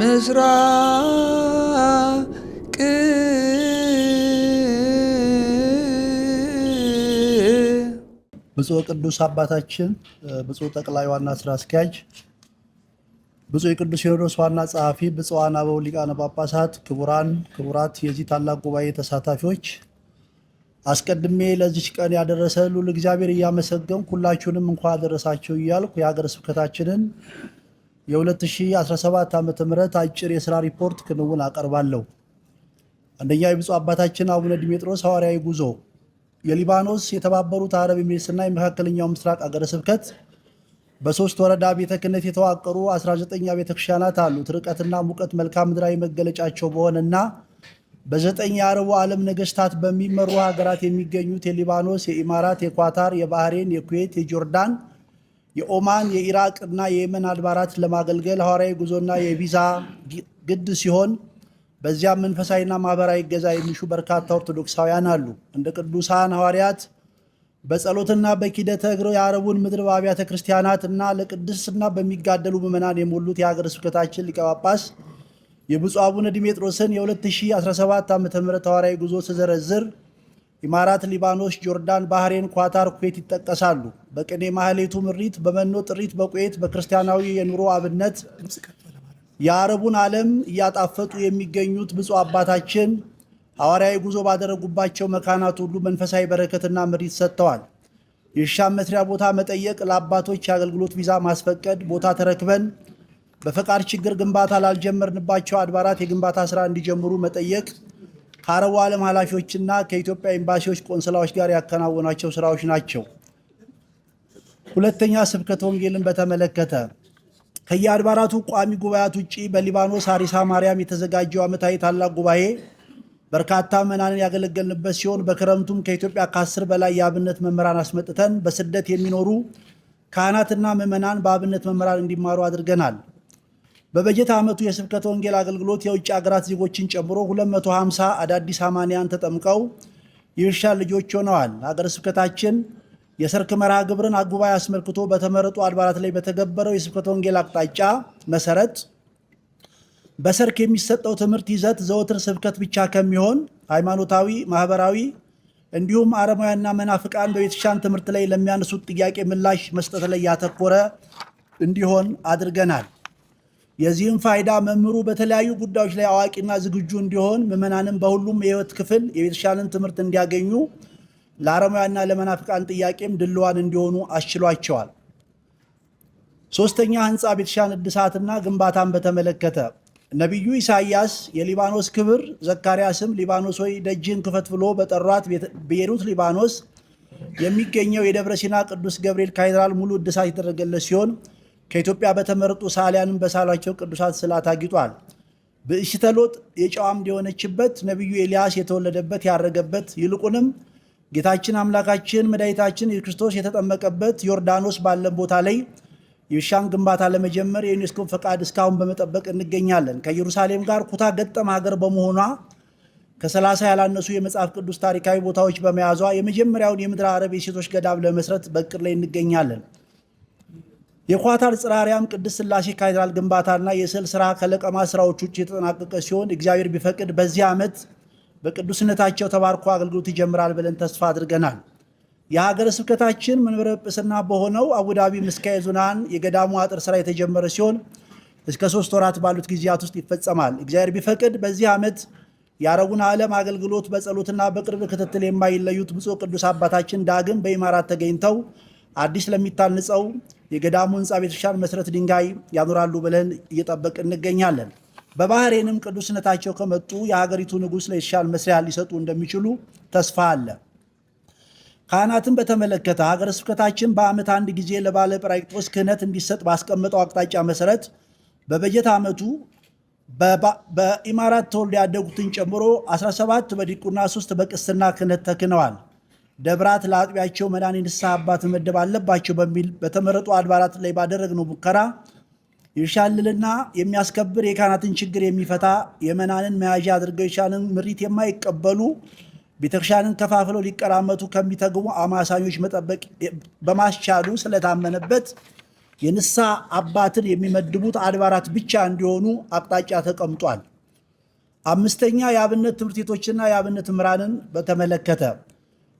ምስራቅ ብፁዕ ቅዱስ አባታችን ብፁዕ ጠቅላይ ዋና ስራ አስኪያጅ ብፁዕ ቅዱስ ሲኖዶስ ዋና ጸሐፊ፣ ብፁዓን አበው ሊቃነ ጳጳሳት፣ ክቡራን ክቡራት፣ የዚህ ታላቅ ጉባኤ ተሳታፊዎች አስቀድሜ ለዚች ቀን ያደረሰ ልዑል እግዚአብሔር እያመሰገንኩ ሁላችሁንም እንኳን አደረሳችሁ እያልኩ የሀገረ ስብከታችንን የ2017 ዓ.ም አጭር የሥራ ሪፖርት ክንውን አቀርባለሁ። አንደኛ የብፁዕ አባታችን አቡነ ዲሜጥሮስ ሐዋርያዊ ጉዞ የሊባኖስ የተባበሩት አረብ ኤሚሬትስና የመካከለኛው ምስራቅ አገረ ስብከት በሶስት ወረዳ ቤተ ክህነት የተዋቀሩ 19ኛ ቤተ ክርስቲያናት አሉት። ርቀትና ሙቀት መልክዓ ምድራዊ መገለጫቸው በሆነና በዘጠኝ የአረቡ ዓለም ነገስታት በሚመሩ ሀገራት የሚገኙት የሊባኖስ፣ የኢማራት፣ የኳታር፣ የባህሬን፣ የኩዌት፣ የጆርዳን የኦማን የኢራቅና የየመን አድባራት ለማገልገል ሐዋርያዊ ጉዞና የቪዛ ግድ ሲሆን በዚያም መንፈሳዊና ማህበራዊ እገዛ የሚሹ በርካታ ኦርቶዶክሳውያን አሉ። እንደ ቅዱሳን ሐዋርያት በጸሎትና በኪደተ እግሮ የአረቡን ምድር በአብያተ ክርስቲያናት እና ለቅድስና በሚጋደሉ ምዕመናን የሞሉት የሀገረ ስብከታችን ሊቀ ጳጳስ የብፁዕ አቡነ ዲሜጥሮስን የ2017 ዓ ም ሐዋርያዊ ጉዞ ስዘረዝር ኢማራት፣ ሊባኖስ፣ ጆርዳን፣ ባህሬን፣ ኳታር፣ ኩዌት ይጠቀሳሉ። በቅኔ ማህሌቱ ምሪት፣ በመኖ ጥሪት በኩዌት በክርስቲያናዊ የኑሮ አብነት የአረቡን ዓለም እያጣፈጡ የሚገኙት ብፁዕ አባታችን ሐዋርያዊ ጉዞ ባደረጉባቸው መካናት ሁሉ መንፈሳዊ በረከትና ምሪት ሰጥተዋል። የሻ መስሪያ ቦታ መጠየቅ፣ ለአባቶች የአገልግሎት ቪዛ ማስፈቀድ፣ ቦታ ተረክበን በፈቃድ ችግር ግንባታ ላልጀመርንባቸው አድባራት የግንባታ ስራ እንዲጀምሩ መጠየቅ ከአረቡ ዓለም ኃላፊዎችና ከኢትዮጵያ ኤምባሲዎች፣ ቆንስላዎች ጋር ያከናወናቸው ስራዎች ናቸው። ሁለተኛ ስብከት ወንጌልን በተመለከተ ከየአድባራቱ ቋሚ ጉባኤያት ውጭ በሊባኖስ አሪሳ ማርያም የተዘጋጀው ዓመታዊ ታላቅ ጉባኤ በርካታ መናንን ያገለገልንበት ሲሆን በክረምቱም ከኢትዮጵያ ከአስር በላይ የአብነት መምህራን አስመጥተን በስደት የሚኖሩ ካህናትና ምዕመናን በአብነት መምህራን እንዲማሩ አድርገናል። በበጀት ዓመቱ የስብከተ ወንጌል አገልግሎት የውጭ ሀገራት ዜጎችን ጨምሮ 250 አዳዲስ አማንያን ተጠምቀው የእርሻ ልጆች ሆነዋል። ሀገረ ስብከታችን የሰርክ መርሃ ግብርን አጉባኤ አስመልክቶ በተመረጡ አድባራት ላይ በተገበረው የስብከተ ወንጌል አቅጣጫ መሰረት በሰርክ የሚሰጠው ትምህርት ይዘት ዘወትር ስብከት ብቻ ከሚሆን ሃይማኖታዊ፣ ማህበራዊ እንዲሁም አረማውያንና መናፍቃን በቤተሻን ትምህርት ላይ ለሚያነሱት ጥያቄ ምላሽ መስጠት ላይ ያተኮረ እንዲሆን አድርገናል። የዚህም ፋይዳ መምህሩ በተለያዩ ጉዳዮች ላይ አዋቂና ዝግጁ እንዲሆን ምዕመናንም በሁሉም የህይወት ክፍል የተሻለን ትምህርት እንዲያገኙ ለአረማውያንና ለመናፍቃን ጥያቄም ድልዋን እንዲሆኑ አስችሏቸዋል። ሶስተኛ ህንፃ ቤተሻን እድሳትና ግንባታን በተመለከተ ነቢዩ ኢሳይያስ የሊባኖስ ክብር ዘካርያስም ሊባኖስ ሆይ ደጅን ክፈት ብሎ በጠሯት ቤሩት ሊባኖስ የሚገኘው የደብረ ሲና ቅዱስ ገብርኤል ካቴድራል ሙሉ እድሳት የተደረገለት ሲሆን ከኢትዮጵያ በተመረጡ ሳሊያንም በሳሏቸው ቅዱሳት ስዕላት አጊጧል። ብእሽተ ሎጥ የጨው አምድ የሆነችበት ነቢዩ ኤልያስ የተወለደበት ያረገበት፣ ይልቁንም ጌታችን አምላካችን መድኃኒታችን ክርስቶስ የተጠመቀበት ዮርዳኖስ ባለ ቦታ ላይ የሻን ግንባታ ለመጀመር የዩኔስኮን ፈቃድ እስካሁን በመጠበቅ እንገኛለን። ከኢየሩሳሌም ጋር ኩታ ገጠም ሀገር በመሆኗ ከሰላሳ ያላነሱ የመጽሐፍ ቅዱስ ታሪካዊ ቦታዎች በመያዟ የመጀመሪያውን የምድር አረብ የሴቶች ገዳም ለመስረት በቅር ላይ እንገኛለን። የኳታር ጽራሪያም ቅድስት ሥላሴ ካቴድራል ግንባታና የስዕል ስራ ከለቀማ ስራዎች ውጭ የተጠናቀቀ ሲሆን እግዚአብሔር ቢፈቅድ በዚህ ዓመት በቅዱስነታቸው ተባርኮ አገልግሎት ይጀምራል ብለን ተስፋ አድርገናል። የሀገረ ስብከታችን መንበረ ጵጵስና በሆነው አቡዳቢ ምስካየ ኅዙናን የገዳሙ አጥር ስራ የተጀመረ ሲሆን እስከ ሶስት ወራት ባሉት ጊዜያት ውስጥ ይፈጸማል። እግዚአብሔር ቢፈቅድ በዚህ ዓመት የአረቡን ዓለም አገልግሎት በጸሎትና በቅርብ ክትትል የማይለዩት ብፁዕ ቅዱስ አባታችን ዳግም በኢማራት ተገኝተው አዲስ ለሚታንጸው የገዳሙ ህንፃ ቤተክርስቲያን መሰረት ድንጋይ ያኖራሉ ብለን እየጠበቅ እንገኛለን። በባህሬንም ቅዱስነታቸው ከመጡ የሀገሪቱ ንጉሥ ለቤተክርስቲያን መስሪያ ሊሰጡ እንደሚችሉ ተስፋ አለ። ካህናትን በተመለከተ ሀገረ ስብከታችን በዓመት አንድ ጊዜ ለባለ ጰራቅሊጦስ ክህነት እንዲሰጥ ባስቀመጠው አቅጣጫ መሰረት በበጀት ዓመቱ በኢማራት ተወልዶ ያደጉትን ጨምሮ 17 በዲቁና 3 በቅስና ክህነት ተክነዋል። ደብራት ለአጥቢያቸው መዳን የንስሐ አባት መመደብ አለባቸው በሚል በተመረጡ አድባራት ላይ ባደረግነው ሙከራ ይሻልልና የሚያስከብር የካህናትን ችግር የሚፈታ የመናንን መያዣ አድርገው የሻንን ምሪት የማይቀበሉ ቤተክርስቲያንን ከፋፍለው ሊቀራመቱ ከሚተግሙ አማሳኞች መጠበቅ በማስቻሉ ስለታመነበት የንስሐ አባትን የሚመድቡት አድባራት ብቻ እንዲሆኑ አቅጣጫ ተቀምጧል። አምስተኛ የአብነት ትምህርት ቤቶችና የአብነት ምራንን በተመለከተ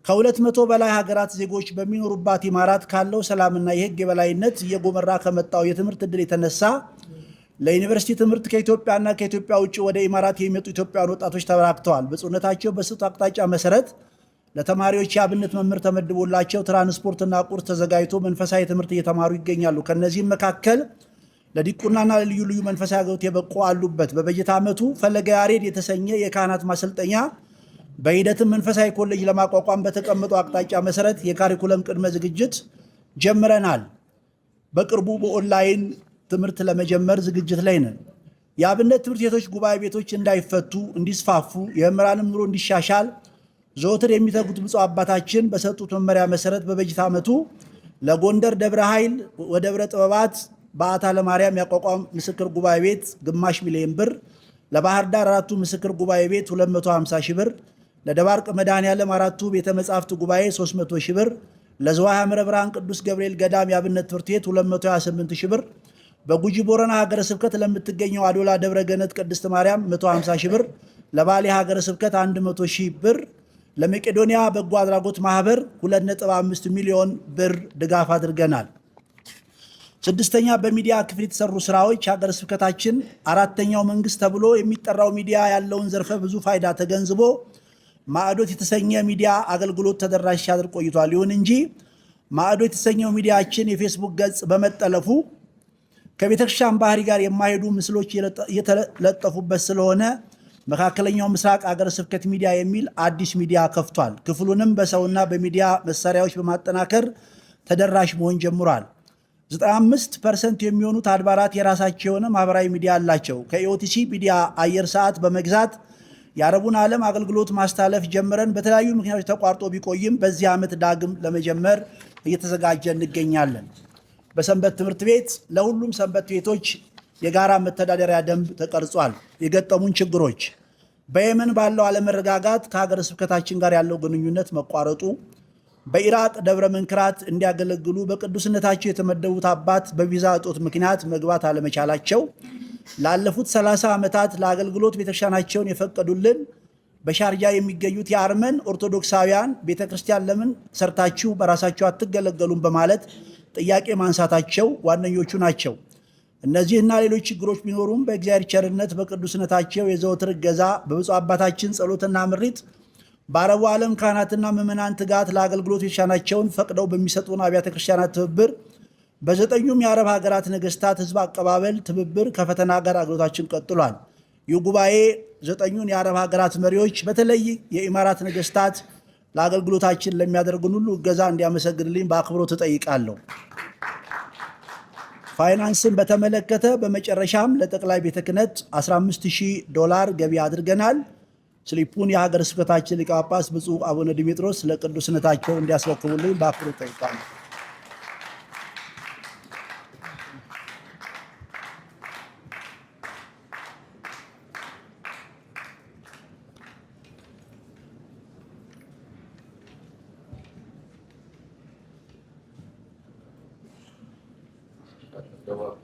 ከሁለት መቶ በላይ ሀገራት ዜጎች በሚኖሩባት ኢማራት ካለው ሰላምና የህግ የበላይነት እየጎመራ ከመጣው የትምህርት እድል የተነሳ ለዩኒቨርሲቲ ትምህርት ከኢትዮጵያና ከኢትዮጵያ ውጭ ወደ ኢማራት የሚመጡ ኢትዮጵያውያን ወጣቶች ተበራክተዋል። ብፁዕነታቸው በስጡ አቅጣጫ መሰረት ለተማሪዎች የአብነት መምህር ተመድቦላቸው ትራንስፖርትና ቁርስ ተዘጋጅቶ መንፈሳዊ ትምህርት እየተማሩ ይገኛሉ። ከእነዚህም መካከል ለዲቁናና ለልዩ ልዩ መንፈሳዊ አገልግሎት የበቁ አሉበት። በበጀት ዓመቱ ፈለገ ያሬድ የተሰኘ የካህናት ማሰልጠኛ በሂደትም መንፈሳዊ ኮሌጅ ለማቋቋም በተቀመጠው አቅጣጫ መሰረት የካሪኩለም ቅድመ ዝግጅት ጀምረናል። በቅርቡ በኦንላይን ትምህርት ለመጀመር ዝግጅት ላይ ነን። የአብነት ትምህርት ቤቶች ጉባኤ ቤቶች እንዳይፈቱ፣ እንዲስፋፉ፣ የመምህራንም ኑሮ እንዲሻሻል ዘወትር የሚተጉት ብፁዕ አባታችን በሰጡት መመሪያ መሰረት በበጀት ዓመቱ ለጎንደር ደብረ ኃይል ወደብረ ጥበባት በአታ ለማርያም ያቋቋም ምስክር ጉባኤ ቤት ግማሽ ሚሊዮን ብር፣ ለባህር ዳር አራቱ ምስክር ጉባኤ ቤት 250 ሺህ ብር ለደባርቅ መድኃኔዓለም አራቱ ቤተ መጻሕፍት ጉባኤ 300 ሺህ ብር፣ ለዝዋይ ሐመረ ብርሃን ቅዱስ ገብርኤል ገዳም የአብነት ትምህርት ቤት 228 ሺህ ብር፣ በጉጂ ቦረና ሀገረ ስብከት ለምትገኘው አዶላ ደብረ ገነት ቅድስት ማርያም 150 ሺህ ብር፣ ለባሌ ሀገረ ስብከት 100 ሺህ ብር፣ ለመቄዶንያ በጎ አድራጎት ማህበር 2.5 ሚሊዮን ብር ድጋፍ አድርገናል። ስድስተኛ በሚዲያ ክፍል የተሰሩ ስራዎች ሀገረ ስብከታችን አራተኛው መንግስት ተብሎ የሚጠራው ሚዲያ ያለውን ዘርፈ ብዙ ፋይዳ ተገንዝቦ ማዕዶት የተሰኘ ሚዲያ አገልግሎት ተደራሽ ሲያደርግ ቆይቷል። ይሁን እንጂ ማዕዶት የተሰኘው ሚዲያችን የፌስቡክ ገጽ በመጠለፉ ከቤተክርስቲያን ባህሪ ጋር የማይሄዱ ምስሎች የተለጠፉበት ስለሆነ መካከለኛው ምስራቅ አገረ ስብከት ሚዲያ የሚል አዲስ ሚዲያ ከፍቷል። ክፍሉንም በሰውና በሚዲያ መሳሪያዎች በማጠናከር ተደራሽ መሆን ጀምሯል። 95 ፐርሰንት የሚሆኑት አድባራት የራሳቸው የሆነ ማህበራዊ ሚዲያ አላቸው። ከኢኦቲሲ ሚዲያ አየር ሰዓት በመግዛት የአረቡን ዓለም አገልግሎት ማስታለፍ ጀምረን በተለያዩ ምክንያቶች ተቋርጦ ቢቆይም በዚህ ዓመት ዳግም ለመጀመር እየተዘጋጀ እንገኛለን። በሰንበት ትምህርት ቤት ለሁሉም ሰንበት ቤቶች የጋራ መተዳደሪያ ደንብ ተቀርጿል። የገጠሙን ችግሮች በየመን ባለው አለመረጋጋት ከሀገረ ስብከታችን ጋር ያለው ግንኙነት መቋረጡ፣ በኢራቅ ደብረ መንክራት እንዲያገለግሉ በቅዱስነታቸው የተመደቡት አባት በቪዛ እጦት ምክንያት መግባት አለመቻላቸው ላለፉት 30 ዓመታት ለአገልግሎት ቤተክርስቲያናቸውን የፈቀዱልን በሻርጃ የሚገኙት የአርመን ኦርቶዶክሳውያን ቤተክርስቲያን ለምን ሰርታችሁ በራሳችሁ አትገለገሉም በማለት ጥያቄ ማንሳታቸው ዋነኞቹ ናቸው። እነዚህና ሌሎች ችግሮች ቢኖሩም በእግዚአብሔር ቸርነት በቅዱስነታቸው የዘወትር እገዛ በብፁዕ አባታችን ጸሎትና ምሪት በአረቡ ዓለም ካህናትና ምዕመናን ትጋት ለአገልግሎት የተሻናቸውን ፈቅደው በሚሰጡን አብያተ ክርስቲያናት ትብብር በዘጠኙም የአረብ ሀገራት ነገስታት ህዝብ አቀባበል ትብብር ከፈተና ጋር አገልግሎታችን ቀጥሏል። ይህ ጉባኤ ዘጠኙን የአረብ ሀገራት መሪዎች በተለይ የኢማራት ነገስታት ለአገልግሎታችን ለሚያደርጉን ሁሉ እገዛ እንዲያመሰግንልኝ በአክብሮት ትጠይቃለሁ። ፋይናንስን በተመለከተ በመጨረሻም ለጠቅላይ ቤተ ክህነት 15000 ዶላር ገቢ አድርገናል። ስሊፑን የሀገር ስብከታችን ሊቀ ጳጳስ ብፁዕ አቡነ ድሜጥሮስ ለቅዱስነታቸው እንዲያስረክቡልኝ በአክብሮ ጠይቃለሁ። давати.